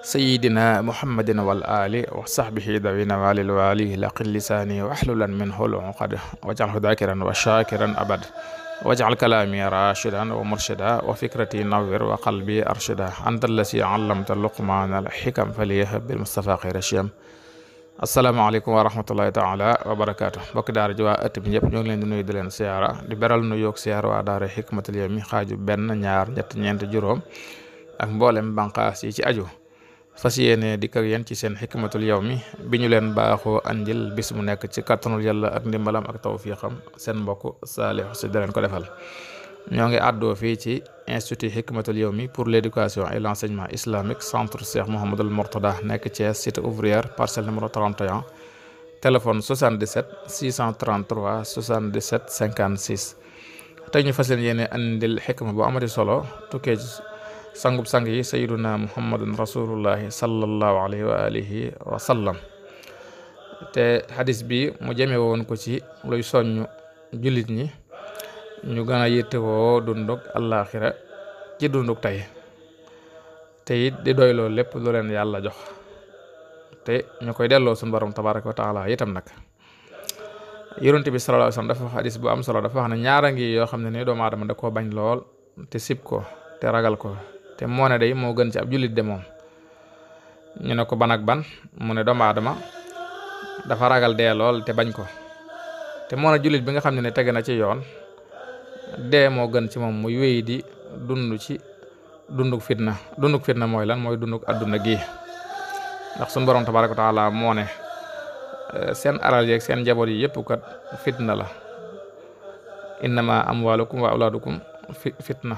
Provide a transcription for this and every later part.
sayidina muhammadin wal ali wa sahbihi dawina walil wali laqil lisaani waxlulan min hul uqad waj'alhu dakiran wa shakiran abad waj'al kalami rashidan wa murshida wa fikrati nawwir wa qalbi arshida anta allasi allamta luqmana al hikam faliyahab bil mustafa khayra shiyam asalaamaaleykum wa rahmatullahi taala wa barakaatu mbokki daara ji waa ëtt bi ñëpp ñoo ngi leen di nuyu di leen siyaara di beral nu yoog siyaar waa daara xikmatul yawmi xaaju benn ñaar ñett ñeent juróom ak mboolem banqaas yi ci aju fas yéene dikk ak ci seen xikmatul yawmi bi ñu leen baaxoo andil bis mu nekk ci kattanul yàlla ak ndimbalam ak tawfiqam seen mbokk Saliou Sy da ko defal ñoo ngi àddoo fii ci institut xikmatul yawmi pour l'éducation et l'enseignement islamique centre Cheikh Mouhamadul Mourtada nekk Thiès cité ouvrière parcelle numéro 31 téléphone 77 633 77 56 tey ñu fas leen yéene andil xikma bu amati solo tukkee sangub sang yi sayiduna muhammadun rasulullahi sallallahu alayhi wa alihi wa sallam te xadis bi mu jëme woon ko ci luy soññ jullit ñi ñu gën a yittewoo dundug àllaaxira ci dundug tey te it di doyloo lépp lu leen yàlla jox te ñu koy delloo suñu borom tabaraka wa taala itam nag yonent bi sallallahu alayhi wasallam dafa xadis bu am solo dafa wax ne ñaara ngi yoo xam ne ni doomu aadama da koo bañ lool te sib ko te ragal ko te moo day moo gën ci ab jullit de moom ñu ne ko ban ak ban mu ne doomu aadama dafa ragal dee lool te bañ ko te moo ne jullit bi nga xam ne ne tege na ci yoon dee moo gën ci moom muy wéy di dund ci dunduk fitna dunduk fitna mooy lan mooy dunduk adduna gi ndax suñu borom tabaaraka wa taala eh, seen alal yeeg seen njaboot yi yëpp kat fitna la innama amwalukum wa awlaadukum fitna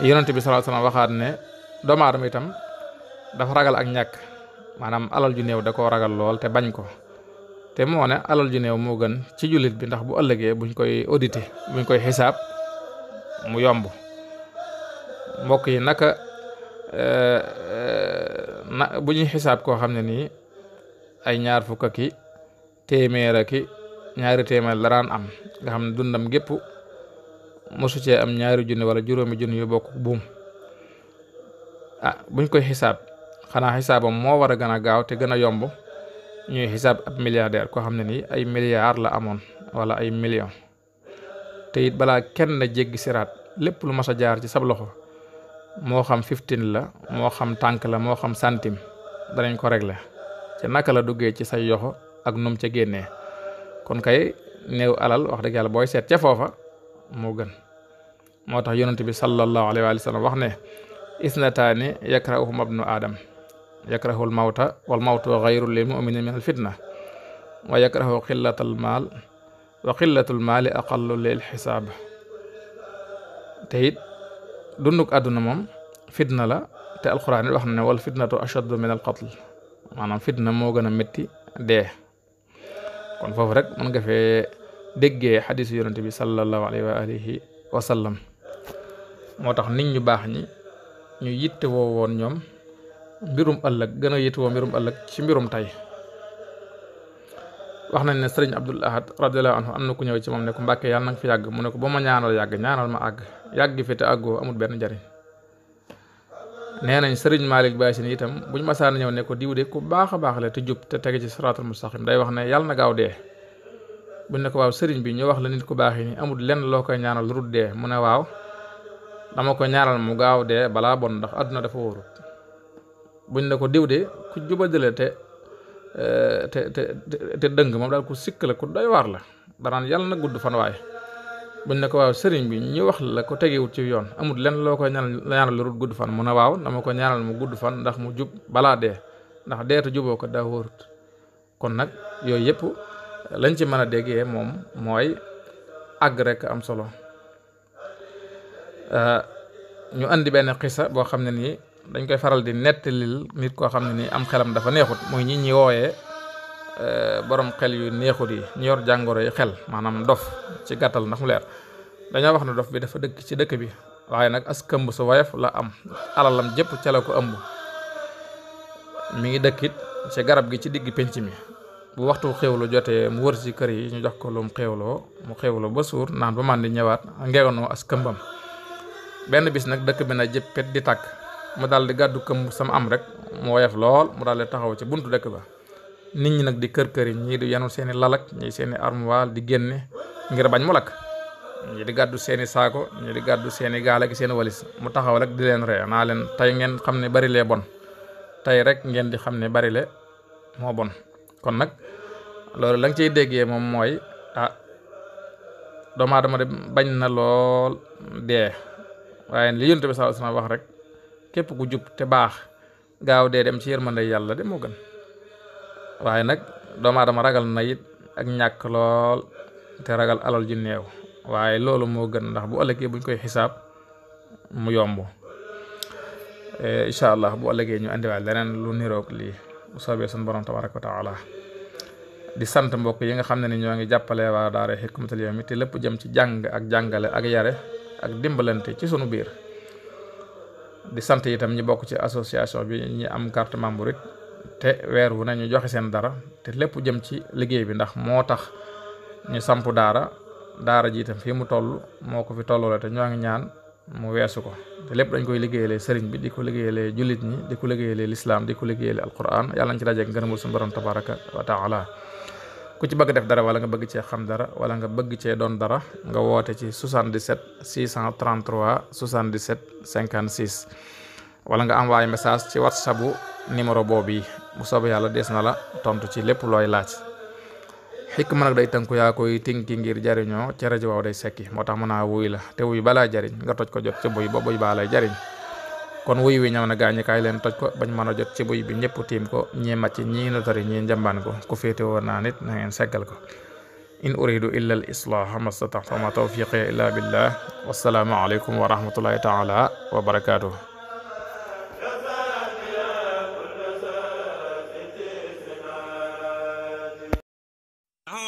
yonent bi sallallahu alayhi wasallam waxaat ne doomu aadama itam dafa ragal ak ñàkk maanaam alal ju néew da koo ragal lool te bañ ko te moo ne alal ju néew moo gën ci jullit bi ndax bu ëllëgee buñ koy audité buñ koy xisaab mu yomb mbokk yi naka euh, na bu ñuy xisaab koo xam ne nii ay ñaar fukk ki téeméer a ki ñaari téeméer la am nga xam ne dundam gépp mosu cee am ñaari junni wala juróomi junni yu bokk buum ah buñ koy xisaab xanaa xisaabam moo war a gën a gaaw te gën a yomb ñuy xisaab ab milliardaire koo xam ne nii ay milliards la amoon wala ay millions te it balaa kenn na jéggi siraat lépp lu mas a jaar ci sab loxo moo xam fifteen la moo xam tànk la moo xam centime danañ ko régler ci naka la duggee ci say yoxo ak num ci génnee kon kay néew alal wax dëgg yàlla booy seet ca foofa moo gën moo tax yonent bi sallallahu alayhi wa sallam wax ne isnataani yakrahuma ibnu aadam yakrahu al mawta wal mawtu xayru lil mumini min al fitna wa yakrahu qillata al wa qillatu al maali aqallu lil xisaab te it dunduk àdduna moom fitna la te alquran na min al qatl fitna moo gën a métti dee kon foofu rek mën nga déggee xadisu yonante bi sallallahu alayhi wa wa sallam moo tax nit ñu baax ñi ñu yitte woo woon ñoom mbirum ëllëg gën a yitte woo mbirum ëllëg ci mbirum tey wax nañ ne sëriñ Abdul Ahad radiyallahu anhu am na ku ñëw ci moom ne ko Mbàkke yàlla na nga fi yàgg mu ne ko ba ma ñaanal yàgg ñaanal ma àgg yàgg fi te àggoo amul benn njariñ nee nañ sëriñ Malick Baye Sy itam bu ñu masaan ñëw ne ko diw de ku baax a baax la te jub te tege ci siraatul mustaqim day wax ne yàlla na gaaw bu ne ko waaw sëriñ bi ñu wax la nit ku baax yi nii amul loo koy ñaanal lu dee mu ne waaw dama ko ñaanal mu gaaw dee balaa bon ndax àdduna dafa wóorut buñ ne ko diw de ku jubadale eh, te te te te dëng moom daal ku sikk la ku waar la danaan yàlla na gudd fan waaye ne ko waaw sëriñ bi ñu wax la ko tegewut ci yoon amul lenn loo koy ñaanal ñaanal lu dul gudd fan mu ne waaw dama ko ñaanal mu gudd fan ndax mu jub balaa dee ndax deetu juboo ko daa wóorut kon nag yooyu yëpp. lañ ci mën a déggee moom mooy àgg rek am solo euh, ñu indi benn xisa boo xam ne nii dañ koy faral di nettalil nit koo xam ne nii am xelam dafa neexut muy ñi ñi wooyee euh, boroom xel yu neexut yi ñu yor jàngoro yi xel maanaam dof ci gàttal ndax mu leer dañoo wax ne dof bi dafa dëkk ci dëkk bi waaye nag as këmb su woyof la am alalam jépp ca la ko ëmb mu ngi dëkkit ci garab gi ci digg pénc mi bu waxtu xewlu jotee mu wër ci kër yi ñu jox ko lum xewloo mu xew xewlu ba suur naan ba man di ñëwaat ngeewanoo as këmbam benn bis nag dëkk bi na jëppet di tàkk mu daal di gàddu këmb sama am rek mu woyof lool mu daal di taxaw ci buntu dëkk ba nit ñi nag di kër kër yi ñii di yanu seeni lalak ñu seeni armoire di génne ngir bañ mu lakk ñii di gàddu seeni saako ñii di gàddu seeni gaal ak seeni walis mu taxaw rek di leen ree naa leen tey ngeen xam ne bari lee bon tey rek ngeen di xam ne bari le moo kon nag loolu la nga ciy déggee moom mooy ah doomu aadama de bañ na lool dee waaye li yonent bi sallallahu alayhi wasallam wax rek képp ku jub te baax gaaw dee dem ci yërmande yàlla de moo gën waaye nag doomu aadama ragal na it ak ñàkk lool te ragal alal ju néew waaye loolu moo gën ndax bu ëllëgee buñ koy xisaab mu yomb eh, incha allah bu ëllëgee ñu andiwaat leneen lu niroog lii bu soobee suñu borom tabaraka wa taala di sant mbokk yi nga xam ne ni ñoo ngi jàppale waa daara Hikmatul Yawmi te lépp jëm ci jàng ak jàngale ak yare ak dimbalante ci sunu biir di sant itam ñi bokk ci association bi ñi am carte membre it te weer wu ne ñu joxe seen dara te lépp jëm ci liggéey bi ndax moo tax ñu samp daara daara ji itam fii mu toll moo ko fi tolloo la te ñoo ngi ñaan mu weesu ko te lépp dañ koy liggéeyalee sëriñ bi di ko liggéeyalee jullit ñi di ko liggéeyalee lislaam di ko liggéeyalee alquran yàlla nañ ci dajeeg ngërëmul suñu borom tabaraka wa taala ku ci bëgg def dara wala nga bëgg cee xam dara wala nga bëgg cee doon dara nga woote ci 77 633 77 56 wala nga envoyé message ci whatsapp bu numéro boobu yi bu soobee yàlla des na la tontu ci lépp looy laaj xikma nag day tënku yaa koy tënki ngir jariñoo ca rajo waaw day sekki moo tax mën a wuy la te wuy balaa jariñ nga toj ko jot ci buy ba buy baa lay jariñ kon wuy wi ñëw na gaañi kaay leen toj ko bañ mën a jot ci buy bi ñëpp tiim ko ñii màcc ñii tari ñii njambaan ko ku féete woon naa nit na ngeen seggal ko in uridu illa al islaaha mastataxta ma tawfiqi illa billah wassalaamu aleykum wa rahmatullahi taala wa barakaatuh